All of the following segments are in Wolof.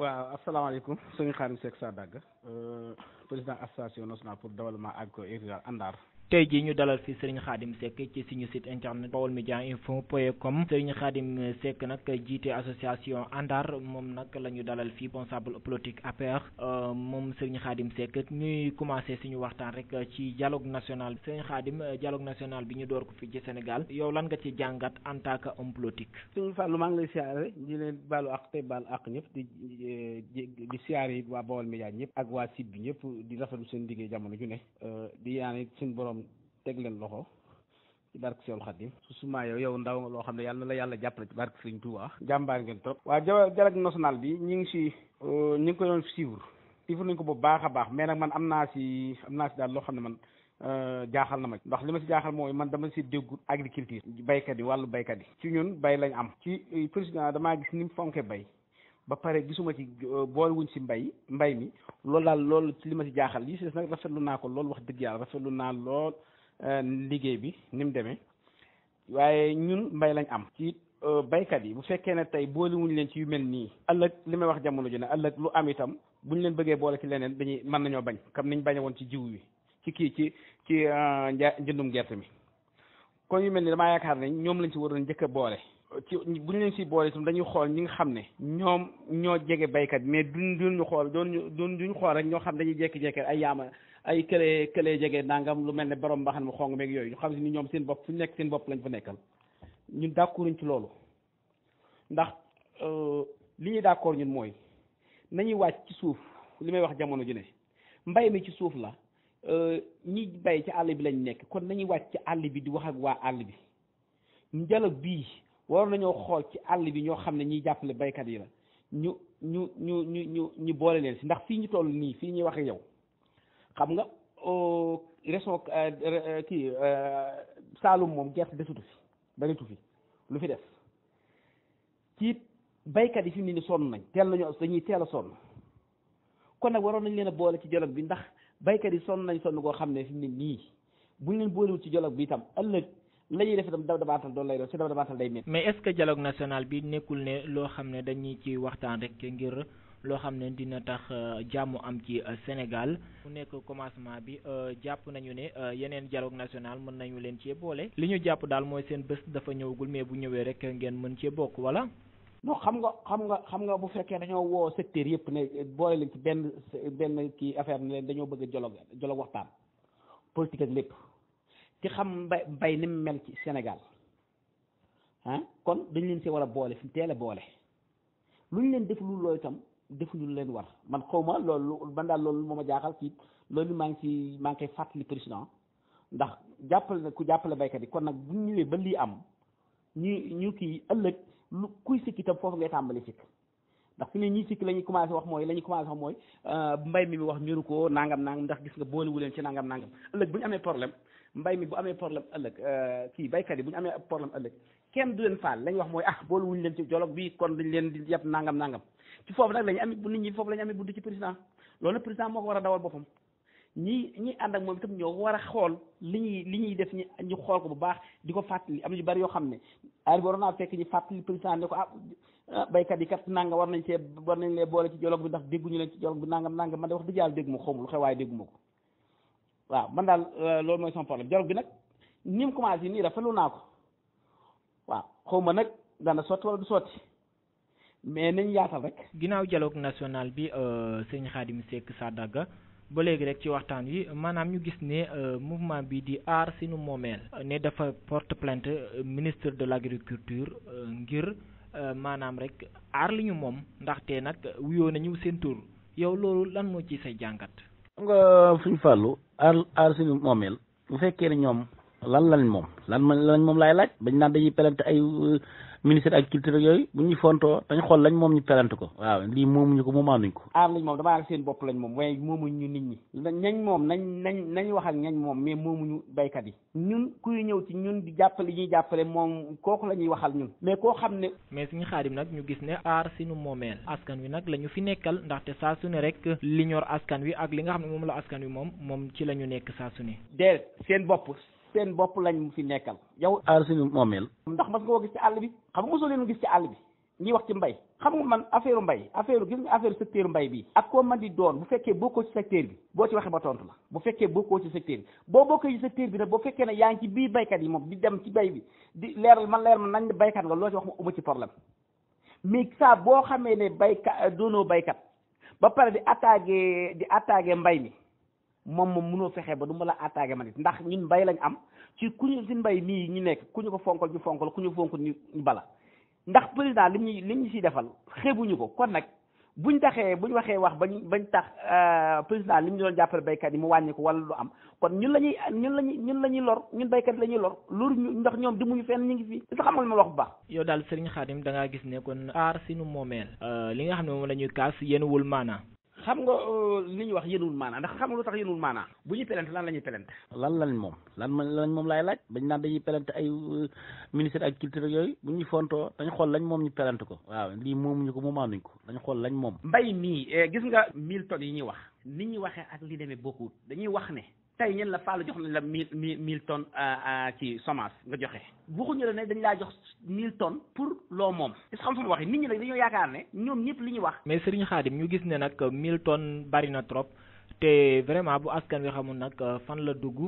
waaw asalaamaaleykum sëñ Xaadim Seck Sadaga euh, président association nationale pour développement agricole et rural ANDAR tey jii ñu dalal fi Serigne Khadim Seck ci suñu site internet baolmediasinfo.com Serigne Khadim Seck nag jiite association ANDAR moom nag la ñu dalal fii responsable politique APR euh, moom seriñ xaadim Seck ñuy commencé suñu waxtaan rek ci dialogue national Serigne Khadim dialogue national bi ñu door ko fii ci Sénégal yow lan nga ci jàngat en tant que homme politique. Serigne maa ngi lay siyaare di leen baalu ak tey baalu ak ñëpp di di siyaare waa Baolmedias ñëpp ak waa site bi ñëpp di rafetlu seen liggéey jamono ju teg leen loxo ci barke Seexul Xadim su suma yow yow ndaw nga loo xam ne yàlla na la yàlla jàppale ci barke Sëriñ Tuubaa jàmbaar ngeen trop waaw dialogue national bi ñi ngi si euh, ñi ngi ko doon suivre suivre nañ ko bu baax a baax mais nag man am naa si am naa si daal loo xam ne man euh, jaaxal na ma ndax li ma si jaaxal mooy man dama si déggu agriculture baykat yi wàllu baykat yi ci ñun bay lañ am ci euh, président damaa gis ni mu fonke bay ba pare gisuma ci boole wuñ si mbay mbay mi loolu daal loolu ci li ma si jaaxal lii si des nag rafetlu naa ko lool wax dëgg yàlla rafetlu naa lool Euh, liggéey bi ni mu demee waaye ñun mbay lañ am ci euh, baykat yi bu fekkee ne tey boole leen ci yu mel nii ëllëg li may wax jamono ji ne ëllëg lu am itam buñ leen bëggee boole ci leneen dañuy mën nañoo bañ comme niñ bañe woon ci jiw wi ci kii ci ci euh, njëndum gerte mi kon yu mel ni damaa yaakaar ne ñoom lañ ci waroon njëkk a boole ci bu ñu leen si boole itam dañuy xool ñi nga xam ne ñoom ñoo jege baykat mais du duñ ñu xool doon ñu xool rek ñoo xam ne dañuy jékki-jékki ay yaama ay kële kële jege nangam lu mel ne borom mbaxane mu xong meeg yooyu ñu xam si ni ñoom seen bopp fu nekk seen bopp lañ fa nekkal ñun d'accord ci loolu ndax euh, li ñuy d'accord ñun mooy nañuy wàcc ci suuf li may wax jamono ju ne mbay mi ci suuf la euh, ñi bay ci àll bi lañ nekk kon nañuy wàcc ci àll bi di wax ak waa àll bi njëlag bii waroon nañoo xool ci àll bi ñoo xam ne ñuy jàppale baykat yi la ñu ñu ñu ñu ñu ñu boole leen si ndax fii ñu toll nii fii ñuy waxee yow xam nga euh, région euh, euh, kii Saalum moom gerte desutu fi baritu fi lu fi des ci baykat yi fi mu ne sonn nañ teel nañu dañuy teel a sonn kon nag waroon nañ leen boole ci dialogue bi ndax baykat yi sonn nañ sonn koo xam ne fi mu ne nii buñ leen boolewul ci dialogue bi itam ëllëg la ñuy def itam dab dabaatal doon lay doon si dab dabaatal day métti. mais est-ce que dialogue national bi nekkul ne loo xam ne dañuy ci waxtaan rek ngir. loo xam ne dina tax euh, jàmmu am ci euh, Sénégal mu nekk commencement bi euh, jàpp nañu ne yeneen dialogue national mën nañu leen cee boole li ñu jàpp daal mooy seen bés dafa ñëwagul mee bu ñëwee rek ngeen mën cee bokk wala non xam nga xam nga xam nga bu fekkee dañoo woo secteur yëpp ne boole leen ci benn benn kii affaire ne leen dañoo bëgg dialogue dialogue waxtaan politique ak lépp ci xam mbay mbay ni mu mel ci Sénégal ah kon dañ leen see war a boole fi mu a boole lu ñu leen defuñu lu leen war man xaw ma loolu man daal loolu moo ma jaaxal ci loolu maa ngi ci maa ngi koy fàttali président ndax jàppale na ku jàppale baykat yi kon nag bu ñu ñëwee ba lii am ñu ñu kii ëllëg lu kuy sikk itam foofu ngay tàmbali sikk ndax fi ne ñii sikk la ñuy wax mooy la ñuy commencé wax mooy euh, mbay mi mi wax ñuru ko nangam nangam ndax gis nga boolewu leen ci nangam nangam ëllëg bu ñu amee problème mbay mi bu amee problème ëllëg euh, kii baykat yi bu ñu amee problème ëllëg kenn du leen la ñuy wax mooy ah boolewuñu leen ci jolog bi kon dañ leen di yab nangam nangam ci foofu nag lañu am bu nit ñi foofu lañu amee bunt ci président loolu a dawal boppam ñi ñi ànd ak moom itam ñoo war a xool li ñuy li ñuy def ñu xool ko bu baax di ko fàttali am na ñu bari yoo xam ne aari waroon naa fekk ñu fàttali président ne ko ah, ah baykat yi kat nanga war nañ see war nañ lee boole ci dialogue bi ndax dégguñu leen ci dialogue bi nangam nangam man de wax dëgg yàlla déggu ma xawma lu xew waaye déggu ko waaw man daal euh, loolu mooy son problème dialogue bi nag ni mu commencé nii rafetlu naa ko waaw ma nag dana sotti wala du sotti mais nañ yaatal rek. ginnaaw dialogue nationale bi euh, sëñ Khadim Seck Sadaga ba léegi rek ci waxtaan wi maanaam ñu gis ne euh, mouvement bi di aar sunu moomeel. ne dafa port plainte euh, ministre de l' agriculture ngir maanaam rek aar li ñu moom ndaxte nag wuyoo nañu seen tur yow loolu lan moo ci say jàngat. nga suñu fàllu aar aar sunu moomeel bu fekkee ne ñoom lan lañ moom lan lañ moom laay laaj bañ naan dañuy plainte ay. ministère agriculture ak yooyu bu ñuy fontoo dañ xool lañ moom ñu perante ko waaw lii moomuñu ko moomaanuñ ko aar ah, lañ moom damaa ak seen bopp lañ moom waaye moomuñu nit ñi ñañ moom nañ nañ nañ wax ak ñañ moom yi ñun kuy ñëw ci ñun di jàppale ñuy jàppale moom kooku la ñuy waxal ñun mais koo xam ne mais suñu xaadim nag ñu gis ne aar sinu moomeel askan wi nag la fi nekkal ndaxte saa su ne rek li ñor askan wi ak li nga xam ne moom la askan wi moom moom ci la ñu nekk saa su ne seen bopp seen bopp lañ fi nekkal yow aar suñu moomeel ndax mas nga koo si àll bi xam nga mosoo leen gis ci àll bi ñuy wax ci mbay xam nga man affaire mbay affaire gis nga affaire secteur mbay bi ak koo man di doon bu fekkee bokkoo ci secteur bi boo ci waxee ba tontu la bu fekkee bokkoo ci secteur bi boo bokkoo ci secteur bi nag boo fekkee ne yaa ngi ci biir baykat yi moom di dem ci bay bi di leer ma leer man nañ ne baykat nga loo ci wax ma uma ci problème mais saa boo xamee ne baykat doonoo baykat ba pare di attaqué di attaqué mbay mi moom moom munoo fexe ba du ma la attaqué ma nit ndax ñun mbay lañ am ci ku ñu si mbay mii ñu nekk ku ñu ko fonkal ñu fonkal ku ñu fonkal ñu bala ndax président li ñu li ñu siy defal xeebuñu ko kon nag buñ taxee buñ waxee wax bañ bañ tax euh, président li mu doon jàppale baykat yi mu wàññi ko wala du am kon ñun la ñuy ñun la ñuy ñun la ñuy lor ñun baykat yi la ñuy lor loolu ndax ñoom dimuñu fenn ñu ngi fii li xamal ma wax bu baax. yow daal Serigne Khadim da ngaa gis ne kon aar sinu moomeel. Euh, li nga xam ne moom la ñuy kaas yéen wul maanaa xam nga euh, li ñuy wax yënul maanaa ndax xam nga lu tax yënul maanaa bu ñuy pelante lan la ñuy pelante lan lañ moom lan lañ moom laay laaj bañ naan dañuy pelante ay euh, ministère agriculture yooyu bu ñuy fontoo dañ xool lañ moom ñu pelante ko waaw lii moomuñu ko moomaanuñ ko dañ xool lañ moom mbay mii eh, gis nga mille tonnes yi ñuy wax ni ñuy waxee ak li demee bokkut dañuy wax ne tey ñen la Fall jox nañ la mille mille mille tonnes ci euh, euh, semence nga joxe waxuñu la ne dañ laa jox mille tonnes pour loo moom gis xam fu mu waxee nit ñi nag dañoo yaakaar ne ñoom ñëpp li ñu wax. mais Serigne Khadim ñu gis ne nag mil tonnes bari na trop te vraiment bu askan wi xamul nag euh, fan la dugg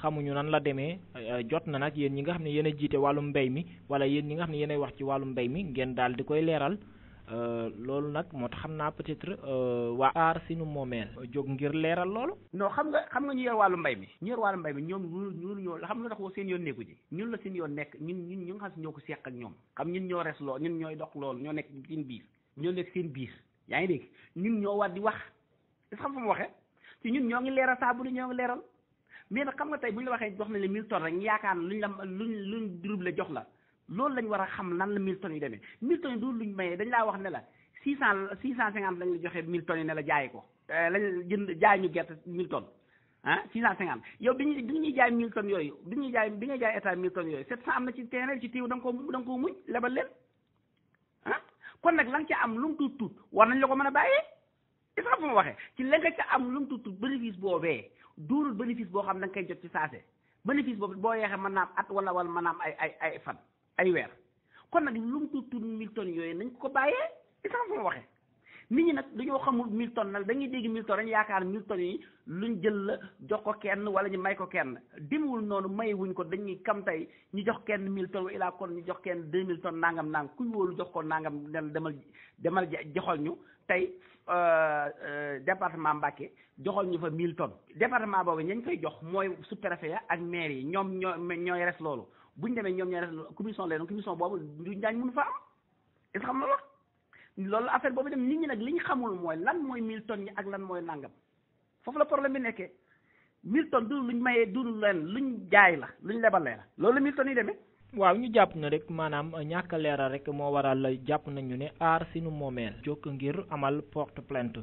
xamuñu nan la demee jot na nag yéen ñi nga xam ne yéen a jiite wàllum mbay mi wala yéen ñi nga xam ne yéen a wax ci wàllum mbay mi ngeen daal di koy leeral. Euh, loolu nag moo tax xam naa peut-être euh, waa aar sinu moomeel euh, jóg ngir leeral loolu noo xam nga xam nga ñu yor wàllu mbay mi ñu yor wàllu mbay mi ñoom ñun ñoo xam nga tax seen yoon nekku ji ñun la seen yoon nekk ñun ñun ñu xam si ñoo ko seq ak ñoom xam ñun ñoo res lool ñun ñooy dox lool ñoo nekk seen biir ñoo nekk seen biir yaa ngi dégg ñun ñoo war di wax est xam fa mu waxee ci ñun ñoo ngi leeral saa bu ñoo ngi leeral mais xam nga tey bu ñu waxee jox na le mille tonnes rek ñu yaakaar luñ la luñ luñ jox la loolu lañu war a xam nan la 1000 tonnes yi demee 1000 tonnes yi du luñ mayee dañ laa wax ne la 600 650 lañ la joxe 1000 tonnes yi ne jaay ko eh, lañ jënd jaay ñu gerte 1000 tonnes ah 650 yow bi ñu bi ñuy jaay 1000 tonnes yooyu bi ñuy jaay bi ngay jaay état 1000 tonnes yooyu 700 am na ci terrain ci tiiw da koo muñ lebal leen ah, kon nag la ci am lum mu tuut tuut war nañ la ko mën a bàyyee est-ce que ma waxee ci la nga am lu mu tuut tuut bénéfice boobee duurul bénéfice boo xam da nga koy jot ci saase bénéfice boobu boo yeexee mën naa am wala wala mën naa am ay ay ay ay weer kon nag lu mu tuut tuut mille yooyu nañ ko bàyyee itam fu mu waxee nit ñi nag dañoo xamul mille tonnes nag da ngay dégg mille tonnes dañ yaakaar mille tonnes yi luñ jël la jox ko kenn wala ñu may ko kenn demewul noonu mayewuñ ko dañuy kam tey ñu jox kenn mille tonnes wa kon ñu jox kenn deux mille nangam nang kuy wóolu jox ko nangam demal demal joxal ñu tey euh, euh, département Mbacké joxal ñu fa mille tonnes département boobu ñañ koy jox mooy sous ya ak maire yi ñoom ñoo ñooy res loolu bu buñ demee ñoom ñooy def commission leen commission boobu du njaañ mënu fa am est xam na loolu loolu affaire boobu dem nit ñi nag li ñu xamul mooy lan mooy mille yi ak lan mooy nangam foofu la problème bi nekkee mille tonnes lu ñu mayee du leen luñ jaay la luñ lebalee la loolu mille tonnes yi demee. waaw ñu jàpp ne rek maanaam ñàkk leeral rek moo waral jàpp nañu ne aar sunu moomeel. jokk ngir amal porte plainte.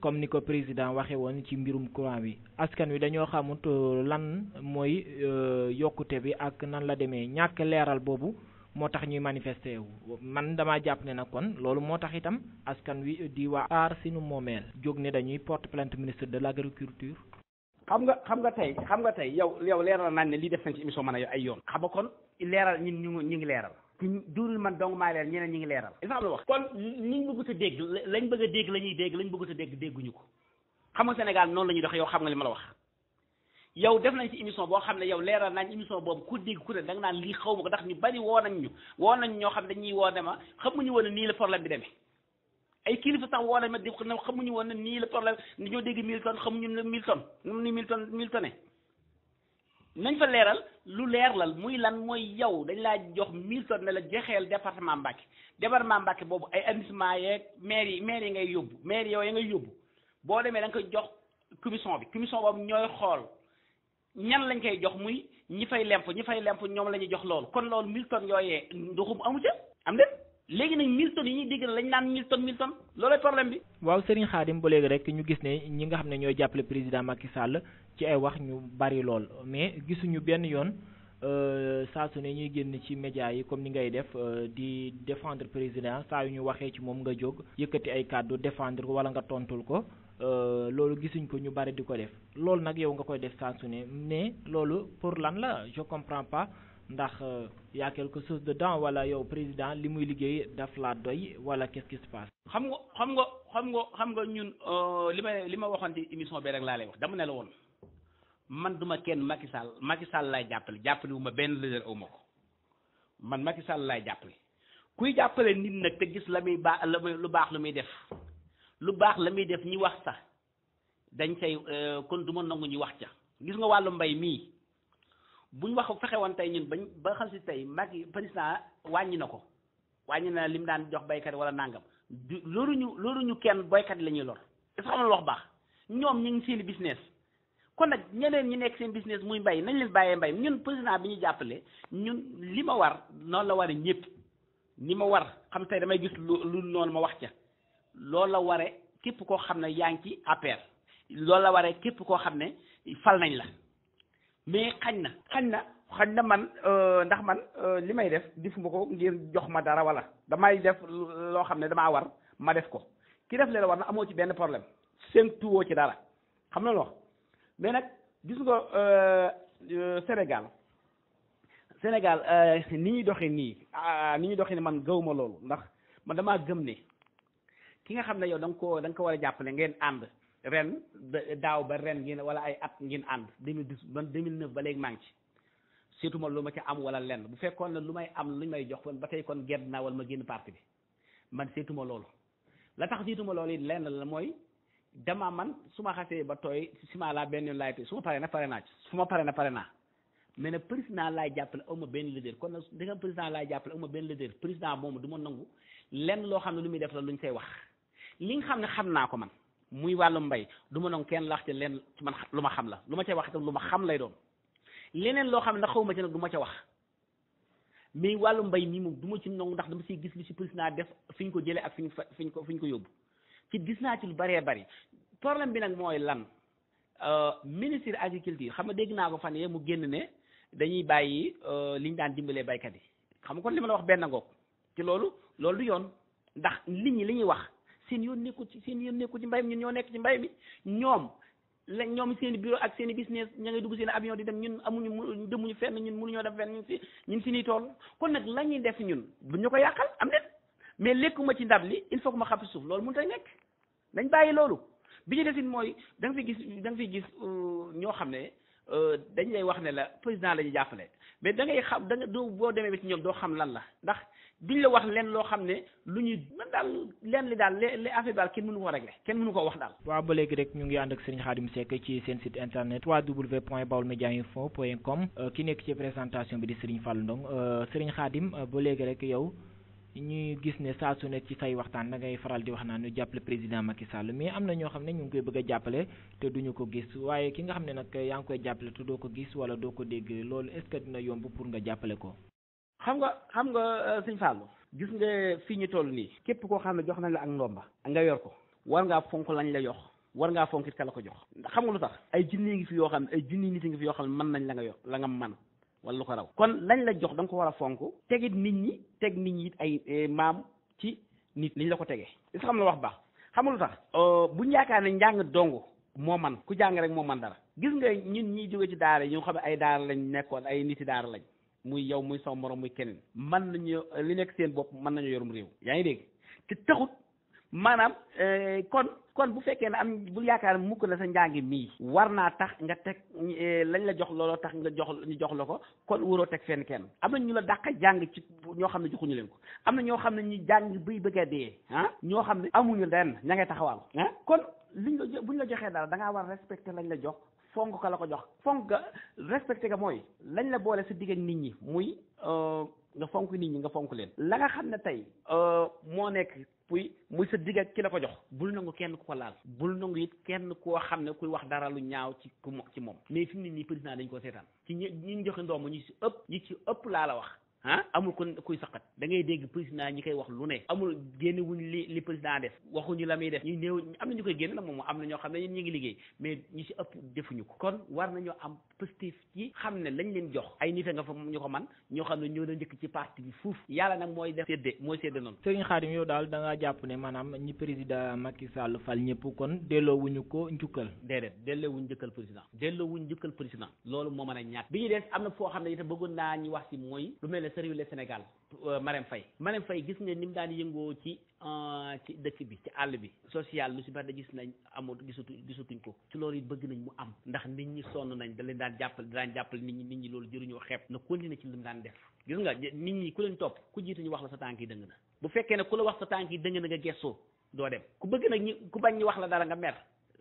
comme ni ko président waxee woon ci mbirum courant bi askan wi dañoo xamut euh, lan mooy euh, yokkute bi ak nan la demee ñàkk leeral boobu moo tax ñuy manifester wu man damaa jàpp ne na kon loolu moo tax itam askan wi di waa aar sinu moomeel jóg ne dañuy porte plainte ministre de l' agriculture. xam nga xam nga tey xam nga tey yow yow leeral nañ ne lii def nañ ci émission mën a ay yoon. xam nga kon leeral ñun ñu ngi ñu ngi leeral. ci duurul man dong maa leer ñeneen ñi ngi leeral il faut am wax kon liñ bëggut a dégg lañ bëgg dégg la ñuy dégg lañ bëgg a dégg dégguñu ko xam nga Sénégal noonu la ñuy dox yow xam nga li ma la wax yow def nañ ci émission boo xam ne yow leeral nañ émission boobu ku dégg da nga naan lii xaw bari woo nañ woo nañ ñoo xam dañuy woo ne ma xamuñu woon ne nii la problème bi demee ay kilifa sax woo xamuñu woon nii la problème dañoo dégg mille tonnes xamuñu ne mille tonnes ni mille nañ fa leeral lu leer la muy lan mooy yow dañ laa jox mille tonnes ne la joxeel département Mbacké département Mbacké boobu ay arrondissement yeeg maire yi mair yi ngay yóbbu mair yow ya ngay yóbbu boo demee da koy jox commission bi commission boobu ñooy xool ñan lañ koy jox muy ñi fay lemp ñi fay lemp ñoom la ñuy jox loolu kon loolu mille tonnes yooyee ndoxum amu ca am déet léegi nag Milton yi ñuy dégg lañ naan Milton Milton loolay problème bi. waaw Serigne xaadim ba léegi rek ñu gis ne ñi nga xam ne ñooy jàppale président Macky Sall ci ay wax ñu bari lool mais gisuñu benn yoon euh, saa su ne ñuy génn ci média yi comme ni ngay def euh, di defendre président saa yu ñu waxee ci moom nga jóg yëkkati ay kàddu defendre ko wala nga tontul ko euh, loolu gisuñ ko ñu bari di ko def loolu nag yow nga koy def saa su ne mais loolu pour lan la je comprends pas. ndax euh, y a quelque de dedans wala yow président li muy liggéey daf laa doy wala qu'est-ce qui xam nga xam nga xam nga xam nga ñun euh, li ma li ma waxoon ci émission bi rek laa lay wax dama ne la woon man duma kenn Macky Sall Macky Sall laay jàppale jàppale wu ma benn leader aw ma ko man Macky Sall laay jàppale kuy jàppale nit nag te gis la muy baax la muy lu baax la muy def lu baax la muy def ñi wax sax dañ say euh, kon du ma nangu ñi wax ca gis nga wàllu mbay mii. buñ wax fexe woon tey ñun bañ ba xam si tey mag yi président wàññi na ko wàññi na lim daan jox baykat wala nàngam du loolu ñu loolu ñu kenn baykat la ñuy lor est-ce que xam nga wax baax ñoom ñu ngi seen business. kon nag ñeneen ñi nekk seen business muy mbay nañ leen bàyyee mbay ñun président bi ñu jàppale ñun li ma war noonu la waree ñëpp ni ma war xam tey damay gis lu lu noonu ma wax ca loolu la waree képp koo xam ne yaa ngi ci APR loolu la waree képp koo xam ne fal nañ la. mais xañ na xañ na xañ na man euh, ndax man euh, li may def defuma ko ngir jox ma dara wala damay def loo xam ne damaa war ma def ko ki def leen war na amoo ci benn problème seen tuwoo ci dara xam na loo mais nag gis nga euh, Sénégal Sénégal ni ñuy doxee nii ah, ni ñuy doxee ni man gawuma loolu ndax man damaa gëm ne ki nga xam ne yow da ko da nga ko war a jàpp ne ngeen ànd ren daaw ba ren ngeen wala ay at ngeen ànd deux mille dix man deux mille neuf ba léegi maa ngi ci surtout lu ma ca am wala lenn bu fekkoon ne lu may am lu may jox ba tey kon gedd naa wala ma génn parti bi man seetuma loolu la tax seetuma loolu it lenn la mooy dama man su ma xasee ba tooy sima laa benn yoon laay tooy su ma na pare naa ci su ma paree na pare naa mais nag président laay jàppale aw ma benn leader kon nag di nga président laay jàppale aw ma benn leader président moom duma ma nangu lenn loo xam ne lu muy def la luñ koy wax li nga xam ne xam naa ko man muy wàllu mbay du ma nangu kenn lax ci leen ci man lu ma xam la lu ma ca wax lu ma xam lay doon leneen loo xam ne ndax xawma ci nag du ma ca wax mais wàllu mbay mii moom du ma ci nangu ndax dama siy gis lu si naa def fi ñu ko jëlee ak fi ñu fi ñu ko fi ñu ko yóbbu ci gis naa ci lu bëree bëri problème bi nag mooy lan euh, ministre agriculture xam nga dégg naa ko fan yee mu génn ne dañuy bàyyi euh, li ñu daan dimbalee baykat yi xam nga kon li ma la wax benn ngoog ci loolu loolu du yoon ndax nit li ñuy wax seen yoon nekku ci seen yoon nekku ci mbay mi ñun ñoo nekk ci mbay mi ñoom la ñoom seen bureau ak seen business ña ngay dugg seen avion di dem ñun amuñu demuñu fenn ñun mënuñoo dem fenn ñun si ñun si kon nag la ñuy def ñun bu ñu ko yàqal am déet mais lekkuma ci ndab li il faut que ma xam suuf loolu mënut a nekk dañ bàyyi loolu bi ñu desin mooy da fi gis da nga fi gis euh, ñoo xam ne euh, dañ lay wax ne la président la ñu jàppale mais da ngay xam da nga doo boo demee ba ci ñoom doo xam lan la ndax duñ la wax leen loo xam ne lu ñuy mën daal leen li daal li affaire daal kenn mënu ko régler kenn mënu ko wax daal. waaw ba léegi rek ñu ngi ànd ak Serigne Khadim Seck ci seen site internet www.baolmediasinfo.com euh, ki nekk ci présentation bi di Serigne Fallou Ndong euh, Serigne Khadim euh, ba léegi rek yow ñuy gis ne saa su nekk ci say waxtaan da ngay faral di wax naan ñu jàppale président Macky Sall mais am na ñoo xam ne ñu ngi koy bëgg a jàppale te gis waaye ki nga xam ne nag yaa ngi koy jàppale te ko gis wala doo ko dégg loolu est-ce que dina yomb pour nga jàppale ko. xam nga xam nga euh, sëñ Fallou gis nga fii ñu toll nii képp koo xam ne jox nañ la ak ndomba nga yor ko war ngaa fonk lañ la yox war ngaa fonkit ka la ko jox xam nga lu tax ay junni ngi fi yoo xam ne ay junni nit ngi fi yoo xam ne mën nañ la nga yor la nga mën wala lu ko raw kon lañ la jox da nga ko war a fonk tegit nit ñi teg nit ñi it ay eh, maam ci nit niñ la ko tegee is xam la wax baax xam nga lu tax euh, buñ yaakaar ne njàng dong moo man ku jàng rek moo man dara gis nga ñun ñii jóge ci daara ñu xam ne ay daara lañ nekkoon ay niti daara lañ muy yow muy sama morom muy keneen mën ñu li nekk seen bopp mën nañu yorum réew yaa ngi dégg te taxut maanaam eh, kon kon bu fekkee ne am bu yaakaar mukk na sa njàngi mii war naa tax nga teg eh, lañ la jox looloo tax nga jox ñu jox la ko kon waroo teg fenn kenn am na ñu la dàq jàng ci ñoo xam ne joxuñu leen ko am na ñoo xam ne ñu jàng bay bëgg a dee ah, ñoo xam ne amuñu ren ña ngay taxawaal ah kon liñ la la joxee dara da ngaa war respecté lañ la jox fonk ko la ko jox fonk ga respecté ga mooy lañ la boole si diggante nit ñi muy euh, nga fonk nit ñi nga fonk leen la nga xam ne tey euh, moo nekk puy muy sa digg ak ki la ko jox bul nangu kenn ku ko laal bul nangu it kenn koo xam ne kuy wax dara lu ñaaw ci ku ci moom mais fi nit ñi nii naa dañ koo seetaan ci ñi ñu joxe ndoom ñu ci ëpp ñi ci ëpp laa la wax ah amul kon kuy saqat da ngay dégg président ñi koy wax lu ne amul génn wuñ li li président def waxuñu la muy def ñu néew am na ñu koy génn nag moom am na ñoo xam ne ñu ngi liggéey mais ñi si ëpp defuñu ko kon war nañoo am positif ci xam ne lañ leen jox ay nite nga fa ñu ko man ñoo xam ne ñoo doon njëkk ci parti bi fuuf yàlla nag mooy def sédde mooy sédde noonu Serigne Khadim yow daal da ngaa jàpp ne maanaam ñi président Macky Sall fal ñëpp kon delloowuñu ko njukkal déedéet delloowuñ njëkkal président delloowuñ njëkkal président loolu moo mën a ñàkk bi ñu des am na foo xam ne itam bëggoon naa ñu wax si mooy lu mel jàppale sa réew le Sénégal euh, Marème Faye Marème Faye gis nga ni daan yëngoo ci euh, ci dëkk bi ci àll bi social lu si bari gis nañ amul gisatu gisatuñ ko ci loolu it bëgg nañ mu am ndax nit ñi sonn nañ da leen daan jàppale daan jàppale nit ñi nit ñi loolu jëruñoo xeeb na continuer ci li mu daan def gis nga nit ñi ku leen topp ku jiituñu wax la sa tànk yi dëng na bu fekkee ne ku la wax sa tànk yi dëng na nga gessoo doo dem ku bëgg nag ñi ku bañ ñi wax la dara nga mer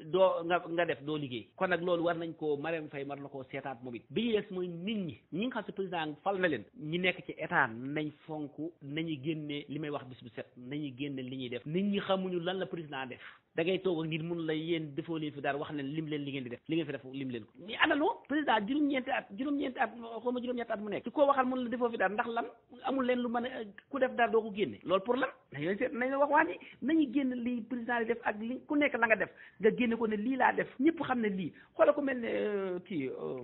doo nga nga def doo liggéey kon nag loolu war nañ koo Marème fay war na koo seetaat moom it bi ñu des mooy nit ñi ñi nga xam si président fal na leen ñi nekk ci état nañ fonk nañu génne li may wax bis bu set nañu génne li ñuy def nit ñi xamuñu lan la président def dangay ngay toog ak nit mun la yéen defoo leen fi dara wax leen lim leen li ngeen di def li ngeen fi def lim leen ko mais ana loo président juróom-ñeenti at juróom-ñeenti at xaw ma juróom-ñetti at mu nekk ci koo waxal mun la defoo fi dara ndax lan amul leen lu mën a ku def dara doo ko génne loolu pour lan nañ seet nañ wax waani nañu génn li président di def ak li ku nekk la nga def nga génne ko ne lii laa def ñëpp xam ne lii xoola ko mel ne euh, kii euh,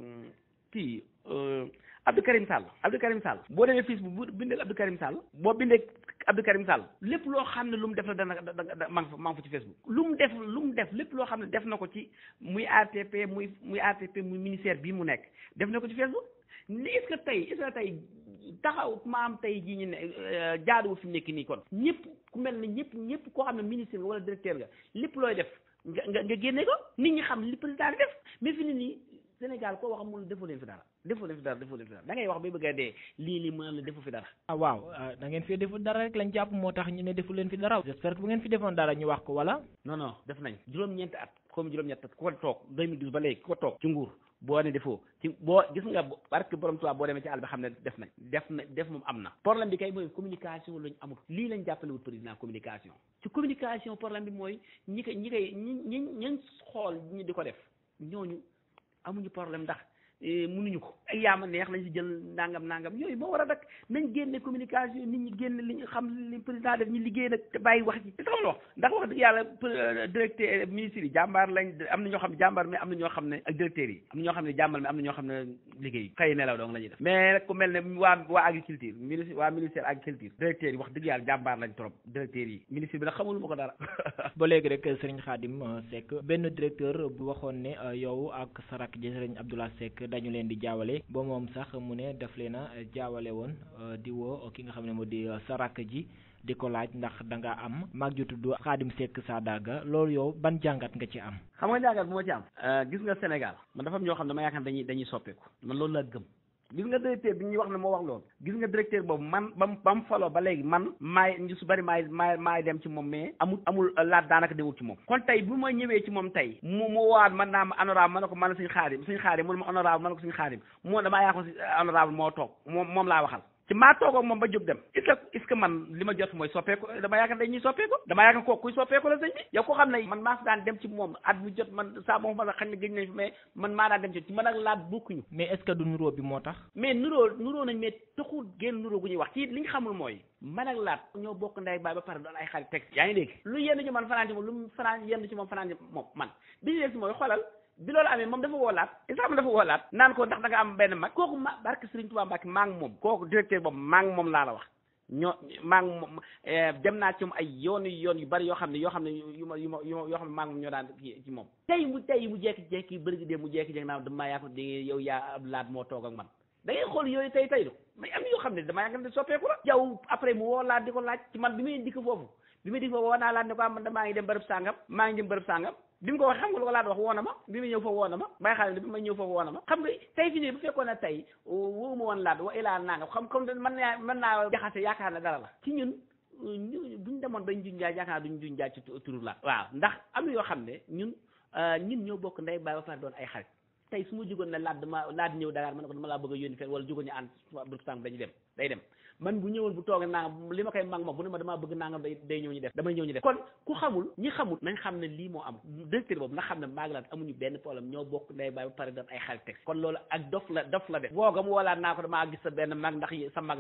kii euh, Abdou Karim Sall Abdou Karim Sall boo demee Facebook bu bindee Abdou Karim Sall boo bindee Abdou Karim Sall lépp loo xam ne lu mu def la dana dana maa fa maa fa ci Facebook lu mu def lu mu def lépp loo xam ne def na ko ci muy ATP muy muy ATP muy ministère bii mu nekk def na ko ci Facebook ni est-ce que tey est-ce taxaw maam tey jii ñu ne euh, jaaduwul fi nekk nii kon. ñëpp ku mel ne ñëpp ñëpp koo xam ne ministre nga wala directeur nga lépp looy def nga nga génne ko nit ñi xam li président def mais nii. Sénégal koo wax mun defu leen fi dara defu leen fi dara defu leen fi dara da ngay wax bi bëgg a dee lii lii mën la defu fi dara ah, waaw ah, da ngeen fi dara rek lañ jàpp moo tax ñu ne defu leen fi dara j'espère que bu ngeen fi defoon dara ñu wax ko wala non non def nañ juróom-ñeenti at comme juróom-ñetti at ku toog 2012 ba léegi ku ko toog ci nguur boo ne defoo ci boo gis nga parce que borom tubaab boo demee ci àll xam ne def nañ def na def moom am na problème bi kay mooy communication lañ amul lii lañ jàppale wut président communication ci communication problème bi mooy ñi koy ñi koy ñi ñi ñu amuñu problème ndax Eh, mënuñu ko ay yaama neex lañ si jël nangam nangam yooyu moo war a dak nañ génne communication nit ñi génn li ñu xam li président def ñu liggéey nag te bàyyi wax ji te taxoon wax ndax wax dëgg yàlla euh, euh, na ñoo xam ne jàmbaar mais na ñoo xam ne ak directeurs yi ñoo xam ne jàmbaar mais am na ñoo xam ne liggéey xëy nelaw dong la ñuy def mais rek ku mel ne waa waa agriculture ministre waa yàlla jàmbaar lañ trop directeurs yi ministre xamul ma ko dara ba léegi rek Serigne Khadim Seck benn directeur bu waxoon ne euh, yow ak sarak ji Serigne Abdoulaye Seck dañu leen di jaawale boo moom sax mu ne daf leen a jaawale woon euh, di woo ki nga xam ne moo di euh, sa saraka ji di ko laaj ndax da nga am mag ju tudd Xaadim Seck Sadaga loolu yow ban jàngat nga ci am. xam nga jàngat bu ma ci am. Euh, gis nga Sénégal man dafa am ñoo xam ne dama yaakaar dañuy dañuy soppeeku man loolu laa gëm. gis nga directeur bi ñuy wax ne moo wax loolu gis nga directeur boobu man bam ba mu faloo ba léegi man maay ñu su bari maay maay maay dem ci moom mais amul amul euh, laat daanaka demul ci moom kon tey bu ma ñëwee ci moom tey mu mu waat man naa ma honorable man ne ko man na suñ xaarim suñ xaarim mu ne ma honorable man na ko suñ xaarim moo damaa yaa ko euh, honorable moo toog moom moom laa waxal te maa toogoog moom ba jóg dem est ce que est ce que man li ma jot mooy soppeeku dama yaakaar dañuy soppeeku dama yaakaar kooku kuy soppeeku la sëñ bi yow ko xam ne man maa daan dem ci man saa moom ma a xam mais man du nuroo bi moo tax mais nuroo nuroo nañ mais taxul génn nuroo gu ñuy wax ci li xamul mooy man ak laat ñoo bokk ndey baay ba pare doon ay xarit teg yaa ngi dégg lu yenn ci man fanaan ci moom lu fanaan yenn ci moom fanaan ci moom man bi ñu bi loolu amee moom dafa woolaat islam dafa a naan ko ndax da nga am benn moom kooku moom laa la wax ñoo maa ngi moom eh, dem naa ci moom ay yoon yu bari yoo xam ne yoo xam ne yu yu ma yu ma yoo xam ne maa ngi moom ñoo daan ci moom tey mu tey mu jekki naan ko di man da ngay xool yooyu tey tey xam ne damaa yàgg ne soppeeku la jaww après mu woo laat di ko laaj ci man bi may dikk foofu bi may dikk foofu woo laat ne ko ah man damaa ngi dem bërëb sàngam maa ngi dem bërëb sàngam bi mu ko waxee xam nga lu ko laata wax a ma bi mu ñëw foofu woona a bàyyi xaalis bi ma ñëw foofu woona xam nga tey fi nii bu fekkoon ne tey wóoruma woon laat wa ilaa naa nga xam comme mën naa jaxase yaakaar na dara la ci ñun ñu demoon bañ juñ jaay yaakaar du juñ jaay ci turu laa waaw ndax am yoo xam ne ñun euh, ñun ñoo bokk ndey baay ba pare doon ay xarit tey su ma jugoon ne laaj dama laaj ñëw Dakar man ne ko dama laa bëgg a yónni fenn wala jugoon ñu ànd burtutànk dañuy dem day dem man bu ñëwoon bu na xam ne maa ba pare doon ay xarit teg kon loolu ak dof la dof la def woogam walaat naa ko damaa gis sa benn mag ndax sa mag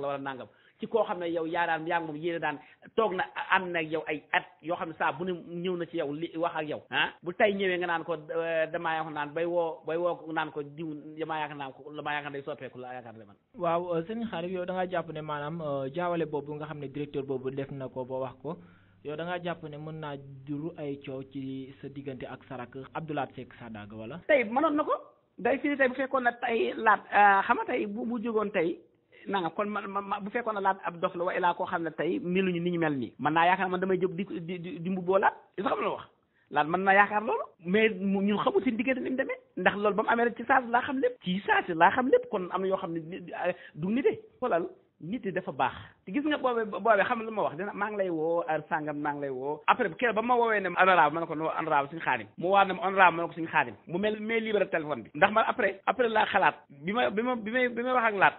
toog na am na yow ay at yoo xam ne saa bu ne ñëw na ci yow li wax ak yow ah bu tey ñëwee nga naan ko eh, damaa wax naan bay woo ko naan ko diw damaa yaakaar naa ko damaa yaakaar day soppeeku la yaakaar ne man. waaw euh, sëñ Xarit yow da ngaa jàpp ne maanaam euh, jaawale boobu nga xam ne directeur boobu def na ko ba wax ko yow da ngaa jàpp ne mën naa juru ay coow ci sa diggante ak Sarak Abdou Lahad Seck Sadaga wala. tey mënoon na ko day fii tey bu fekkoon ne tey laat euh, xam nga tey bu bu jógoon tey. nanga kon ma bu fekkoon na laat ab dof la wa ilaa koo xam ne tey meluñu ni ñu mel nii man naa yaakaar man damay jóg laat man naa yaakaar loolu mais ñun xamul seen diggante ni mu ndax lool ba mu amee rek ci saasi laa xam lépp ci saasi laa xam lépp kon am na yoo xam ne du nite xoolal nit yi dafa baax te gis nga boobee boobee xam lu ma wax dina maa ngi lay woo ar sàngam maa ngi lay woo après kii ba ma woowee ne honorable ma ne ko no honorable suñu xaadim mu waa ne ma honorable ma ne ko suñu xaadim mu mel mais libéré téléphone bi ndax man après après laa xalaat bi ma bi ma bi may bi may wax ak laat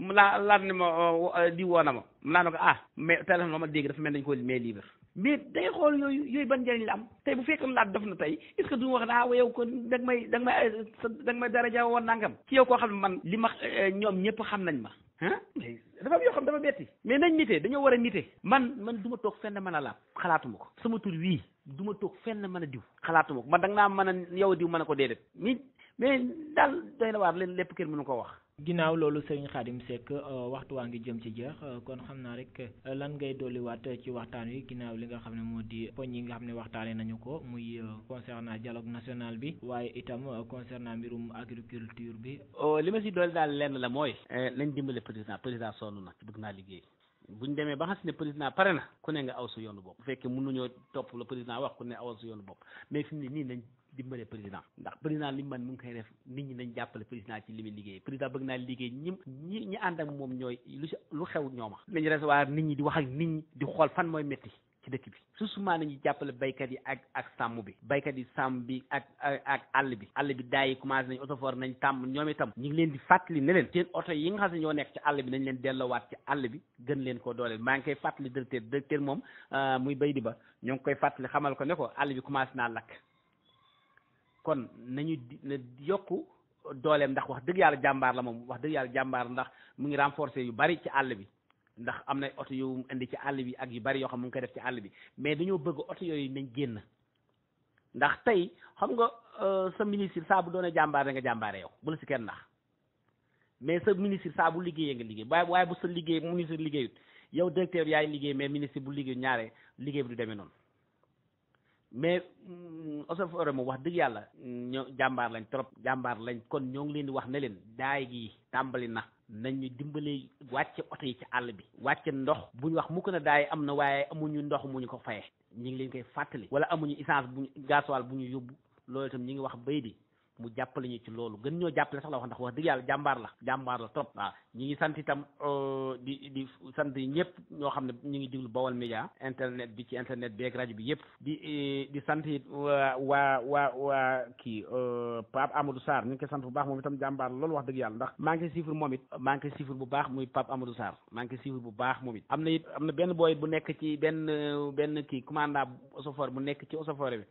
laa laat ne ma euh, di woo na ma mu naa ne ah, mais téléphone ba ma dégg dafa mel dañu ko mais mais day xool yooyu yooyu ban njëriñ la am tey bu fekkoon laat def na tey est-ce que du wax naa ah yow kon da nga may da nga may da nga may daraja woon nangam ci yow koo xam ne man li ma eh, eh, ñoom ñëpp xam nañ ma ah dafa am xam dafa betti mais nañ nite dañoo war a nite man man du ma toog fenn mën a laab xalaatuma ko sama tur wii du ma toog fenn mën a diw xalaatuma ko man da nga naa mën a yow diw man a ko déedéet ñi mais daal doy na waar leen lépp kenn mënu ko wax ginnaaw loolu Serigne Khadim Seck euh, waxtu waa ngi jëm ci jeex euh, kon xam naa rek euh, lan ngay dolliwaat ci waxtaan wi ginnaaw li nga xam ne moo di poñ yi nga xam ne waxtaanee nañu ko muy concernant dialogue national bi waaye itam concernant mbirum agriculture bi. Oh, li ma si dolli daal lenn la mooy. nañ dimbale président président sonn na bëgg naa liggéey. buñ demee ba xas ne président pare na ku ne nga aw sa yoonu bopp. bu fekkee mënuñoo topp la président wax ku ne yoonu bopp dimbale président ndax président li man mu ngi koy def nit ñi nañ jàppale président ci li muy liggéey président bëgg naa liggéey ñim ñi ñi ànd ak moom ñooy lu si lu xew ñooma nañ recevoir nit ñi di wax ak nit ñi di xool fan mooy métti ci dëkk bi su suma nañu jàppale baykat yi ak ak sàmm bi baykat yi sàmm bi ak ak àll bi àll bi daay yi commencé nañ autofor nañ tàmm ñoom itam ñu ngi leen di fàttali ne leen seen oto yi nga xam ne ñoo nekk ci àll bi nañ leen delloowaat ci àll bi gën maa ngi koy fàttali directeur directeur moom euh, muy bay di ba ñoo ngi koy fàttali xamal ko ne ko àll bi commencé naa lakk kon nañu na yokk dooleem ndax wax dëgg yàlla jàmbaar la moom wax dëgg yàlla jàmbaar ndax mu ngi renforcer yu bari ci àll bi ndax am na oto yu indi ci àll bi ak yu bari yoo xam mu ngi koy def ci àll bi mais dañoo bëgg oto yooyu nañ génn ndax tey xam nga euh, sa ministre saa bu doonee jàmbaar da nga jàmbaare yow bu la si kenn ndax mais sa ministre saa bu liggéeyee nga liggéey waaye waaye bu sa liggéey ministre liggéeyut yow directeur yaay liggéey mais ministre bu liggéey ñaare liggéey bi du noonu mais mm, osofore moom wax dëgg yàlla ñoo jàmbaar lañ trop jàmbaar lañ kon ñoo ngi leen di wax ne leen daay gi tàmbali na nañ ñu dimbalee wàcce oto yi ci àll bi wàcce ndox bu ñu wax mukk na daay am na waaye amuñu ndox mu ñu ko faye ñu ngi leen koy fàttali wala amuñu essence bu ñu gasoil bu ñu yóbbu loolu itam ñi ngi wax bay di mu jàppale ñu ci loolu gën ñoo jàppale sax la wax ndax wax dëgg yàlla jàmbaar la jàmbaar la trop waaw ñi ngi sant itam euh, di di sant ñëpp ñoo xam ne ñu ngi diglu Baol Média internet bi ci internet bi ak rajo bi yëpp di eh, di sant it waa waa waa kii euh, Pape Amadou Sarr ñu ngi koy sant bu baax moom itam jàmbaar la loolu wax dëgg yàlla maa ngi koy moom it maa ngi koy suivre bu baax muy Pape Amadou saar maa ngi koy suivre bu baax moom it am na it am na benn booy bu nekk ci benn benn kii commandant Osofore bu nekk ci Osofore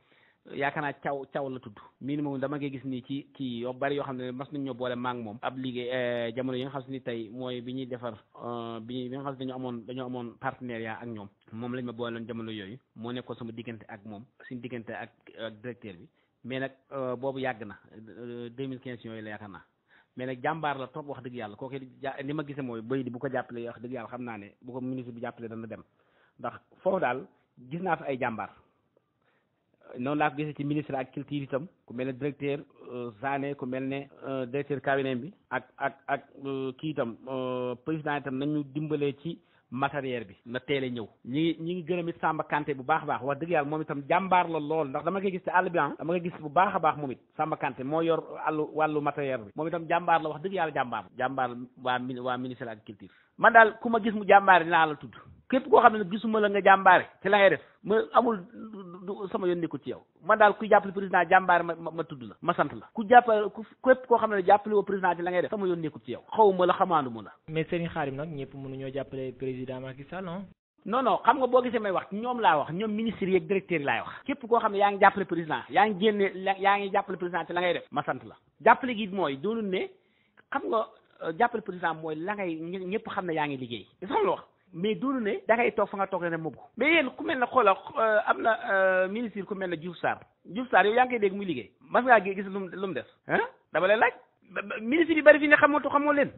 yaakaar naa caw caw la tudd minimum dama ngay gis nii ci ci yo bari yoo xam ne mas nañ ñoo boole maak moom ab liggéey eh, jamono yi nga ni tey mooy bi ñuy defar euh, bi bi nga xam amoon dañoo amoon partenariat ak ñoom moom lañ ma boole woon jamono yooyu moo nekkoon sama diggante ak moom suñ diggante ak ak bi mais nag euh, boobu yàgg na euh, deux mille quinze yooyu la yaakaar naa mais nag jàmbaar la topp wax dëgg yàlla kooku li ma gise mooy bëy di bu ko jàppale wax dëgg yàlla xam naa ne bu ko ministre bi jàppale dana dem ndax foofu daal gis naa fa ay jàmbaar noonu laa ko gisee ci ministre ak culture itam ku mel ne directeur euh, Sané ku mel ne euh, directeur cabinet bi ak ak ak euh, kii itam président itam nañu dimbalee ci matériel bi na teel a ñëw ñu ñi ngi gërëm it Samba bu baax baax wax dëgg yàlla moom itam jàmbaar la lool ndax dama koy gis ci àll bi ah dama koy gis bu baax a baax moom it Samba kante moo yor àllu wàllu matériel bi moom itam jàmbaar la wax dëgg yàlla jàmbaar jàmbaar waa waa ministre agriculture man daal ma képp koo xam ne gisuma la nga jàmbaare ci la ngay def ma amul sama yoon nekkul ci yow man daal ku jàppale président jàmbaare ma ma tudd la ma sant la ku jàppale ku képp koo xam ne jàppale président ci la ngay def sama yoon nekkul ci yow xawuma la xamaanduma la mais Serigne Khadim nag ñëpp mënuñoo jàppale président Macky Sall non non xam nga boo gisee may wax ñoom laa wax ñoom ministres yeeg directeurs yi laay wax képp koo xam ne yaa ngi jàppale président yaa ngi génne yaa ngi jàppale président ci la ngay def sant la jàppale gi mooy doonul ne xam nga jàppale président mooy la ngay ñëpp xam ne yaa ngi liggéey mais doonu ne da toog fa nga toog ne moom ko mais yéen mel ne xoola euh, am na euh, ministre ku mel liggéey mas ngaa gis lu mu lu mu def ah dama lay laaj ministre leen xamoo leen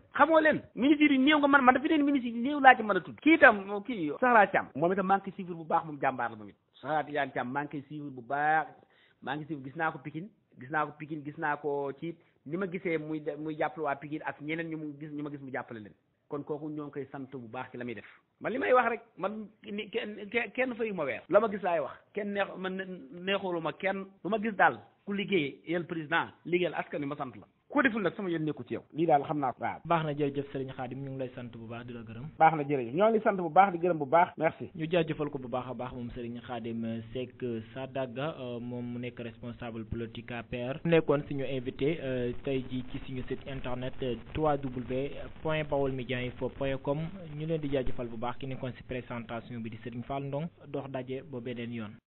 leen ministre yi néew laa a tudd kii itam kii Sahara Thiam moom itam maa ngi koy suivre bu baax maa ngi koy suivre bu baax gis naa ko Pikine gis naa ko Pikine gis naa ko ci ni ma gisee muy muy jàppale waa Pikine ak ñeneen ñu mu gis ñu ma gis mu jàppale leen kon kooku ñoo ngi koy sant bu baax ki la muy def ma li may wax rek man kenn fayu ma weer la ma gis laay wax kenn neex man neexulu ma kenn lu ma gis daal ku liggéey yéen président liggéeyal askan wi ma sant la ko deful nag sama yoon nekku yow lii daal xam naa ko waaw baax na jërëjëf sëriñ Xaadim ñu ngi lay sant bu baax di la gërëm baax na jërëjëf ñoo ngi sant bu baax di gërëm bu baax merci ñu jaajëfal ko bu baax a baax moom sëriñ Xaadim Seck Sadaga moom mu nekk responsable politique APR nekkoon suñu invité tey ji ci suñu site internet www point bawol média info point com ñu leen di jaajëfal bu baax ki nekkoon si présentation bi di sëriñ Fall Ndong dox daje ba yoon